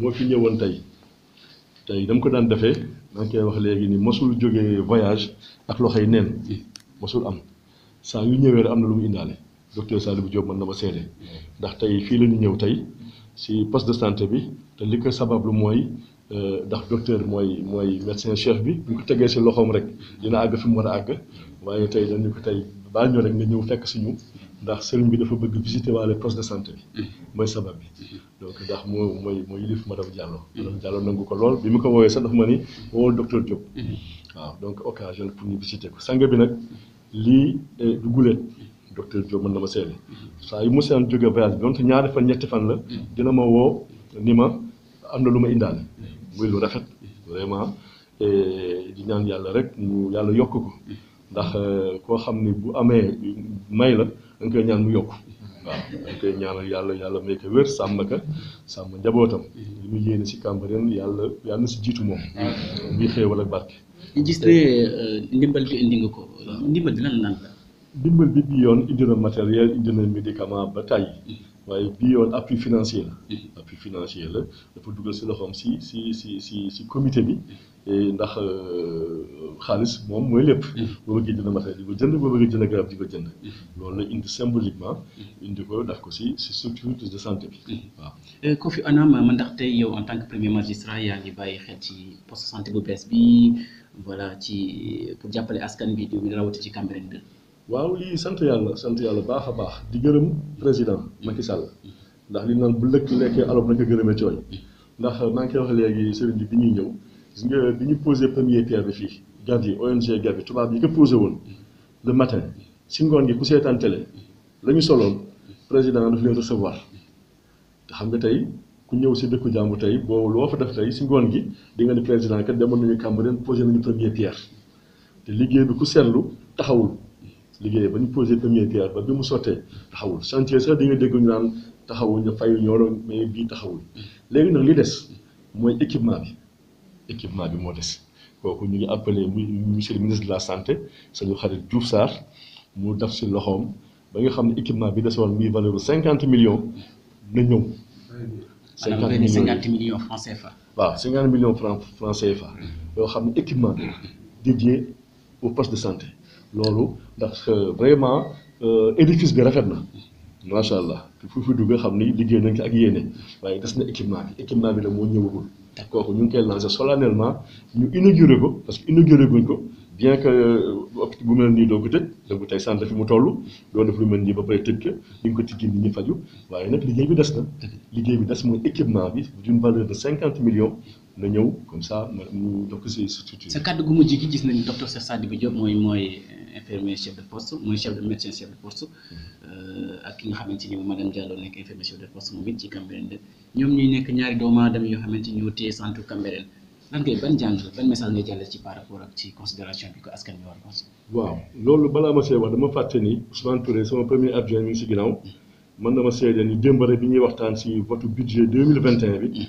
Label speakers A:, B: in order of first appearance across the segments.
A: moo fi ñëwoon tey tey dama ko daan defee danga koy wax léegi ni mosul jógee voyage ak loxoy neen mosul am saa yu ñëwee rek am na lu mu indaale docteur Salibou Diop mën na ma seede ndax tey fii la ñu ñëw tey si poste de santé bi te li ko sabablu mooy ndax docteur mooy mooy médecin chef bi bu ko tegee si loxoom rek dina àgg fi mu war a àgg waaye tey dañu ko tey baal ñu rek nga ñëw fekk si ñu. ndax sëriñ bi dafa bëgg visiter waale poste de santé bi mm-hmm. mooy sabab bi mm-hmm. donc ndax moo mooy mooy yilif madame Diallo madame Diallo nangu ko lool bi mu ko woowee sax dafa ma ni woowal docteur Diop mm-hmm. waaw donc occasion pour ñu visiter ko sang bi nag lii eh, du guleet docteur Diop mën na ma seede saa yu seen jóge voyage bi donte ñaari fan ñetti fan la dina ma woo ni ma am na lu ma indaale muy lu rafet vraiment eh, di ñaan yàlla rek mu yàlla yokk ko ndax euh, koo xam ni bu amee may la da koy ñaan mu yokk waaw da koy ñaanal yàlla yàlla may ko wér sàmm ka sàmm njabootam li mu yéene si Cambérène yàlla yàlla si jiitu moom muy xéewal ak barke ñu gis ne euh, ndimbal bi indi nga ko ndimbal bi bi yoon indi na matériel indi na médicament ba tàyyi waaye bii yoon appui financier la mm. appui financier la dafa dugal si loxoom si si si si si comité bi ndax euh, xaalis moom mooy lépp. Mm-hmm. boo bëggee jënd matériel di ko jënd boo bëggee jënd garab di ko jënd. Mm-hmm. loolu la indi symboliquement. Mm-hmm. indi ko daf ko si
B: si structure de santé bi. waaw euh, Kofi Anam man ndax tey en tant que premier magistrat yaa ngi bàyyi xel ci poste santé bu bees bi voilà ci pour jàppale askan bi ñu rawati ci Cambérène waaw lii sant yàlla sant yàlla baax a baax di gërëm président
A: Macky Sall ndax li naan bu lëkk lekkee aloom na ko gërëmee cooy ndax maa ngi koy wax léegi sëriñ bi bi ñuy ñëw. gis nga bi ñu posé premier pierre bi fii Gavi ONG Gavi tubaab yi ko posé woon le matin si ngoon gi ku seetaan télé la ñu soloon président daf leen recevoir te xam nga tey ku ñëw si dëkku jàmbu tey boobu loo fa def tey si ngoon gi di nga ni président kat demoon nañu Cambérène posé nañu premier pierre te liggéey bi ku seetlu taxawul liggéey ba ñu posé premier pierre ba bi mu sottee taxawul chantier sax di nga dégg ñu naan taxawul ñu fay ñooloon mais bii taxawul léegi nag li des mooy équipement bi équipement bi moo des kooku ñu appelé le ministre de la santé c'est xarit Diouf Sarr mu def si loxoom ba nga xam équipement bi millions
B: na millions millions francs
A: CFA. millions francs CFA. Mm-hmm. équipement dédié au poste de santé euh, vraiment euh, édifice bi fu fi dugg xam ni liggéey nañ ko ak yéene waaye des na équipement bi équipement bi nag moo ñëwagul te kooku ñu ngi koy lancé solennellement ñu inauguré ko parce que inauguré guñ ko bien que hôpital euh, bu mel nii doo ko tëj donc tey sant fi mu toll doo def lu mel nii ba pare tëj ko ñu ngi ko tijji nit ñu faju waaye nag liggéey bi des na liggéey bi des mooy équipement bi d'une valeur de cinquante millions na
B: ñëw comme ça mu yokk si structure. sa kàddu gu mujj gi gis nañ docteur Cheikh Sadibou Diop moy moy infirmier chef de poste moy chef de médecin chef de poste euh, ak ki nga xamanteni ni madame Diallo nek infirmier chef de poste moom ci Cambérène de ñoom ñuy nek ñaari doomu adam yo xamanteni ñoo téé centre Cambérène lan ngay ban jang ban message ngay jàll ci par rapport ak ci considération bi ko askan bi war a waaw
A: loolu bala ma see wax dama fàtte ni Ousmane Touré sama premier adjoint mi ci ginaaw man dama sédé ni démb bi ñuy waxtaan ci vote budget 2021 bi.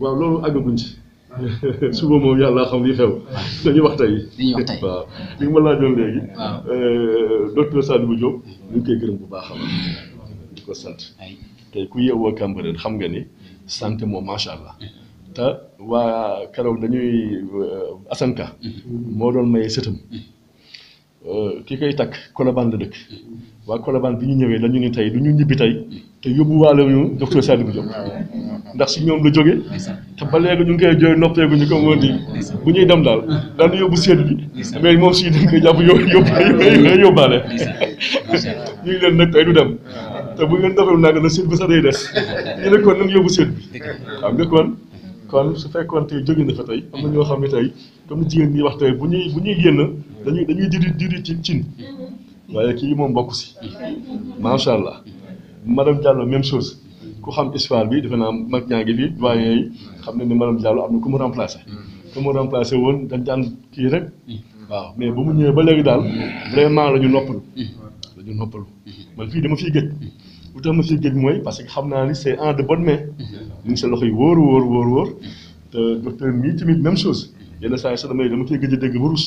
B: waaw loolu àggaguñ ci
A: suba moom yàlla xam li xew dañuy wax tey waaw li ma laa laajoon léegi euh, docteur Sadibou Diop ñu ngi koy gërëm bu baax a baax di ko sant tey ku yeewoo Cambérène xam nga ni santé moom macha allah te waa keroog dañuy euh, asanka mm-hmm. moo doon maye sëtam mm-hmm. euh, ki koy takk Colobane la dëkk waa Colobane bi ñu ñëwee dañu ni tey du ñu ñibbi tey te yóbbuwaale ñu docteur Sadibou Diop ndax si ñoom la jóge te ba léegi ñu ngi koy jooy noppeeku ñu ko woon di bu ñuy dem daal daal daan yóbbu seet bi mais moom si dañ koy jàpp ah, yóbbu yóbbaale ñu ngi leen nag tey du dem te bu ngeen defal nag na seet bi sax day des ñu ne kon nañ yóbbu seet bi xam nga kon kon su fekkoon tey jóge na fa tey am na ñoo xam ne tey comme jigéen ñi wax tey bu ñuy bu ñuy génn dañuy dañuy diri diri ci cin mm-hmm. waaye kii moom mbokk si macha allah madame Diallo même chose ku xam histoire bi defe naa mag ñaa ngi fi doyen yi hmm. xam ne ni madame Diallo am na ku mu remplacé. Hmm. ku mu remplacé woon dañ daan kii rek. Hmm. waaw mais ba mu ñëwee ba léegi daal vraiment la ñu noppalu. la ñu noppalu man fii dama fiy gëj. bu tax ma fiy gëj mooy parce que xam naa ni c'est en de bonne main. ñu ngi sa loxo yi wóor wóor wóor wóor te docteur mii tamit même chose yenn saa yi sax damay dama fiy gëj a dégg ba rus.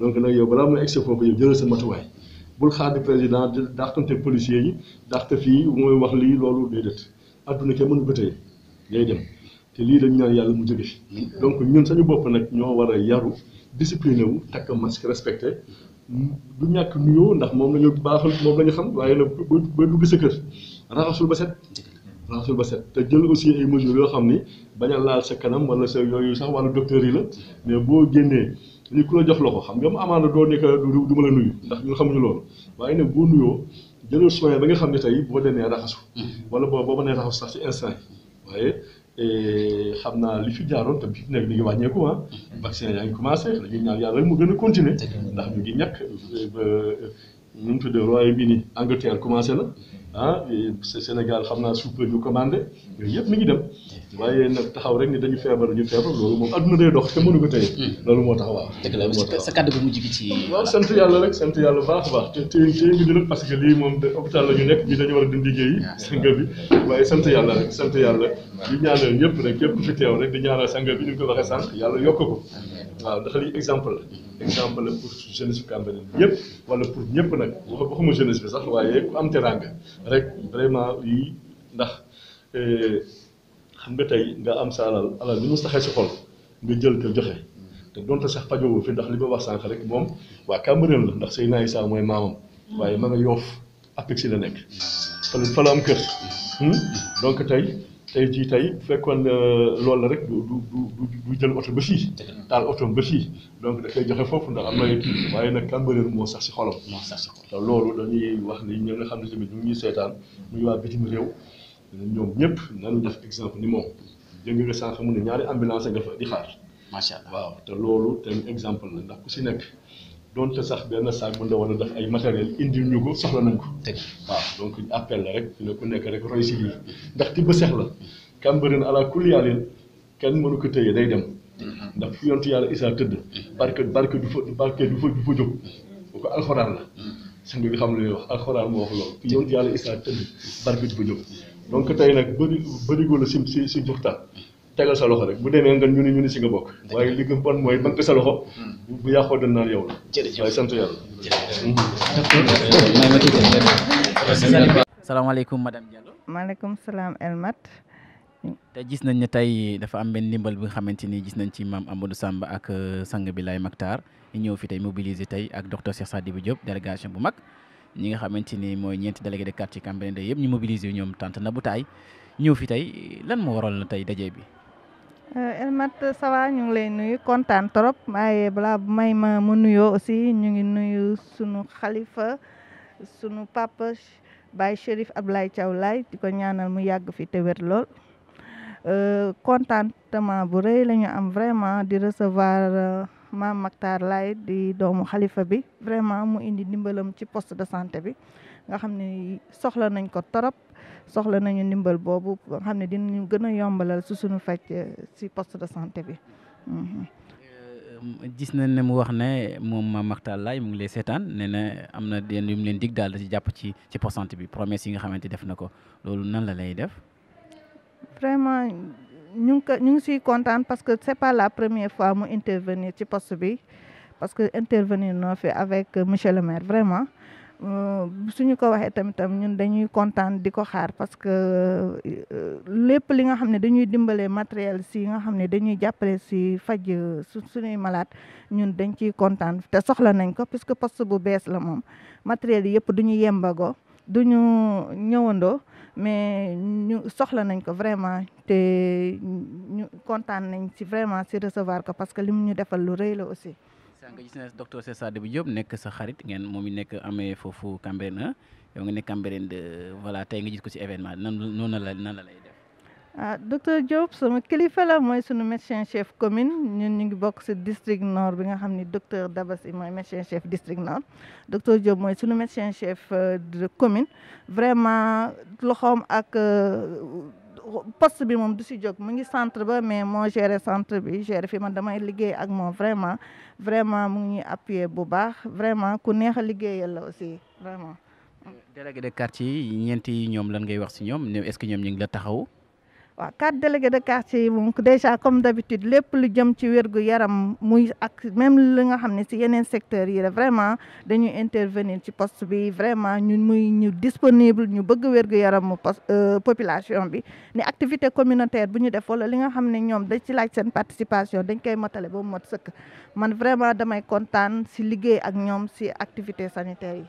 A: donc nag yow balaa muy egsi foofu yow jëlal sa matuwaay bul xaar di président di dàqante policiers yi dàqte fii mooy wax lii loolu déedéet adduna kenn mënu ba tey ngay dem te lii dañu ñaan yàlla mu jóge fi donc ñun sañu bopp nag ñoo war a yaru discipliné wu takk masque respecté du ñàkk nuyoo ndax moom la ñu baaxal moom la ñu xam waaye la ba dugg sa kër raxasul ba set raxasul ba set te jël aussi ay mesures yoo xam ni bañ a laal sa kanam wala sa yooyu sax wàllu docteur yi la mais boo génnee léegi ku la jox loxo xam nga mu amaana doo nekk du ma la nuyu ndax ñun xamuñu loolu waaye nag boo nuyoo jëlal soin ba nga xam ne tey boo demee raxasu mm-hmm. wala boo boo mënee raxasu sax ci instant yi waaye eh, xam naa li fi jaaroon te bi nekk di ngi wàññeeku ah mm-hmm. vaccin yaa ngi commencé dañuy ñaan yàlla mu gën a continuer ndax ñu ngi ñàkk eh, ñu ngi tuddee Royaume-Uni Angleterre commencé na ah Sénégal xam naa suuf la ñu commandé yooyu yëpp mi ngi dem waaye nag taxaw rek ni dañu feebar ñu feebar loolu moom adduna day dox te mënu ko tey. Hmm. loolu moo tax waaw. dëgg la sa kàddu bu mujj bi ci. waaw sant yàlla rek sant yàlla baax baax te tey tey ngi parce que lii moom de hôpital la nekk ñi dañu war a di yi sanga bi waaye sant yàlla rek sant yàlla di ñaanal ñëpp rek képp fi teew rek di ñaanal sanga bi ñu ko waxee sànq yàlla yokk ko waaw ndax exemple la exemple la pour jeunesse Cambérène yëpp wala pour ñëpp nag waxuma jeunesse bi sax waaye ku am teranga rek vraiment lii ndax eh, xam nga tey nga am sa alal alal li mu saxee si xol nga jël ko joxe te donte sax pajowoo fi ndax li ma wax sànq rek moom waa Cambérène la ndax Seydina Issa mooy maamam waaye ma nga yoof apix si la nekk fa la fa la kër hmm? donc tey tey jii tey bu fekkoon euh, loolu la rek du du du du jël oto ba fii. taal oto ba fii donc dafay joxe foofu ndax am na waaye nag Cambérène moo sax si xolam. moo sax si xolam te loolu dañuy wax ni ñoom nga xam ne tamit ñu ngi seetaan muy waa bitim réew ñoom ñëpp nañu def exemple ni moom jënd nga sànq mu ne ñaari ambulance nga fa di waaw te loolu te exemple la ndax ku si nekk. doonte sax benn saag bu ndaw wala def ay matériel indil ñu ko soxla nañ ko. teg waaw donc appel la rek dina ku nekk rek roy si lii ndax tibb seex la Cambérène ala kulli yàlla kenn mënu ko tëye day dem. Mhm. ndax fu yontu yàlla isaa tëdd. Mhm. barke barke du fa barke du fa du fa jóg bu mhm. ko alxuraan la. sang bi xam lu ñuy wax alxuraan moo wax loolu fu yàlla isaa tëdd barke du fa jóg donc tey nag bëri bërigo la si si si tegal sa loxo rek bu demee nga ñu ni ñu ni si nga bokk waaye li gëm pon mooy bank sa loxo mm. bu yàqoo dañ naan yow la waaye sant yàlla
B: mm-hmm. salaamaaleykum madame
C: Diallo maaleykum salaam Elmat
B: te gis nañ ne tey dafa am benn ndimbal bi nga xamante ni gis nañ ci maam Amadou Samba ak euh, sang bi lay Maktar ñu ñëw fi tey mobiliser tey ak docteur Cheikh Sadibou Diop délégation bu mag ñi nga xamante ni mooy ñeenti délégué de quartier de yëpp ñu mobiliser ñoom tante na bu ñëw fi tey lan moo waral na tey daje bi
C: Euh, Elmat ça va ñu ngi lay nuyu kontaan trop waaye balaa may ma ma nuyoo aussi ñu ngi nuyu sunu xalifa sunu papa Baye Chérif Ablaye Thiaw lay di ko ñaanal mu yàgg fi te wér lool kontaan euh, contentement bu rëy la ñu am vraiment di recevoir euh, Mame Mactar lay di doomu xalifa bi vraiment mu indi dimbalam ci poste de santé bi nga xam ne soxla nañ ko trop. soxla nañu ndimbal boobu nga xam ne dinañu gën a yombalal su suñu faj si poste de santé bi. Mhm.
B: Euh, gis nañ ne mu wax ne moom Mame Makhtar mu ngi lay seetaan nee na am na yenn yu mu leen dig daal di jàpp ci ci poste santé bi promesse yi nga xamante def na ko loolu nan la lay def.
C: vraiment ñu ngi ñu ngi siy kontaan parce que c'est pas la première fois mu intervenir ci poste bi parce que intervenir noo fi avec monsieur le maire vraiment. Euh, suñu ko waxee tamit tam ñun dañuy kontaan di ko xaar parce que euh, lépp li nga xam ne dañuy dimbale matériel si nga xam ne dañuy jàppale si faj euh, su suñuy malaat ñun dañ ciy kontaan te soxla nañ ko puisque poste bu bees la moom matériel yi yëpp duñu yembago duñu ñëwandoo mais ñu soxla nañ ko vraiment te ñu kontaan nañ si vraiment si recevoir ko parce que li mu ñu defal lu rëy la aussi
B: saa nga gis ne docteur Cheikh Diop nek sa xarit ngeen momi nek amé fofu foofu Cambérène ah. yow nga nekk Cambérène de voilà tay nga gis ko ci événement nan noonu la nan la lay def.
C: ah docteur Diop sama kilifa la moy sunu médecin chef commune ñun ñu ngi bok ci district nord bi nga xamni docteur Dabassi moy médecin chef district nord docteur Diop moy sunu médecin chef euh, de commune vraiment loxom ak. Euh, poste bi moom du si jóg mu ngi centre ba mais moo géré centre bi géré fi ma damay liggéey ak moom vraiment vraiment mu ngi ñuy appuyer bu baax vraiment ku neex a liggéeyal la aussi vraiment.
B: délégué de quartier yi ñeenti ñoom lan ngay wax si ñoom est-ce que ñoom ñu ngi la taxaw.
C: waaw quatre délégués de quartier yi moom déjà comme d'habitude lépp lu jëm ci wérgu yaram muy ak même li nga xam ne si yeneen secteurs yi re vraiment dañuy intervenir ci poste bi vraiment ñun muy ñu disponible ñu bëgg wérgu yaramu post euh, population bi ni activité communautaire bu ñu def wala li nga xam ne ñoom dañ ci laaj seen participation dañ koy motale ba mot sëkk man vraiment damay kontaan si liggéey ak ñoom si activité sanitaire yi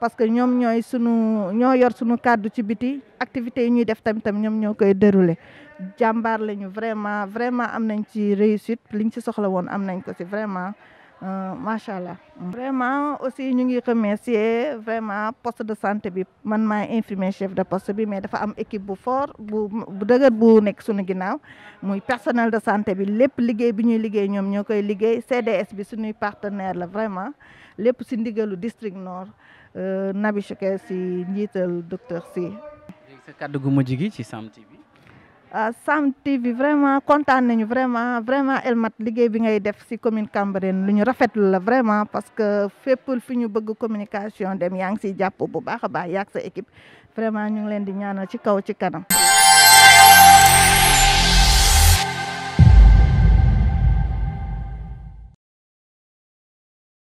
C: parce que ñoom ñooy sunu ñoo yor sunu kàddu ci biti activités yi ñuy def tamit tam ñoom ñoo koy déroulé jàmbaar lañu vraiment vraiment am nañ ci réussite liñ ci soxla woon am nañ ko ci vraiment euh, macha allah. vraiment aussi ñu ngi remercier vraiment poste de santé bi man maa infirmier chef de poste bi mais dafa am équipe bu fort bu bu dëgër bu nekk sunu ginnaaw muy personnel de santé bi lépp liggéey bi ñuy liggéey ñoom ñoo koy liggéey CDS bi suñuy partenaire la vraiment lépp si ndigalu district Euh, nabi Choucair si njiital docteur si.
B: sa kàddu gu gi ci Sam TV.
C: ah Sam TV vraiment kontaan nañu vraiment vraiment Elmat liggéey bi ngay def si commune Cambérène lu ñu rafetlu la vraiment parce que fépp fi ñu bëgg communication dem yaa ngi siy jàpp bu baax a baax yaag sa équipe vraiment ñu ngi leen di ñaanal ci kaw ci kanam.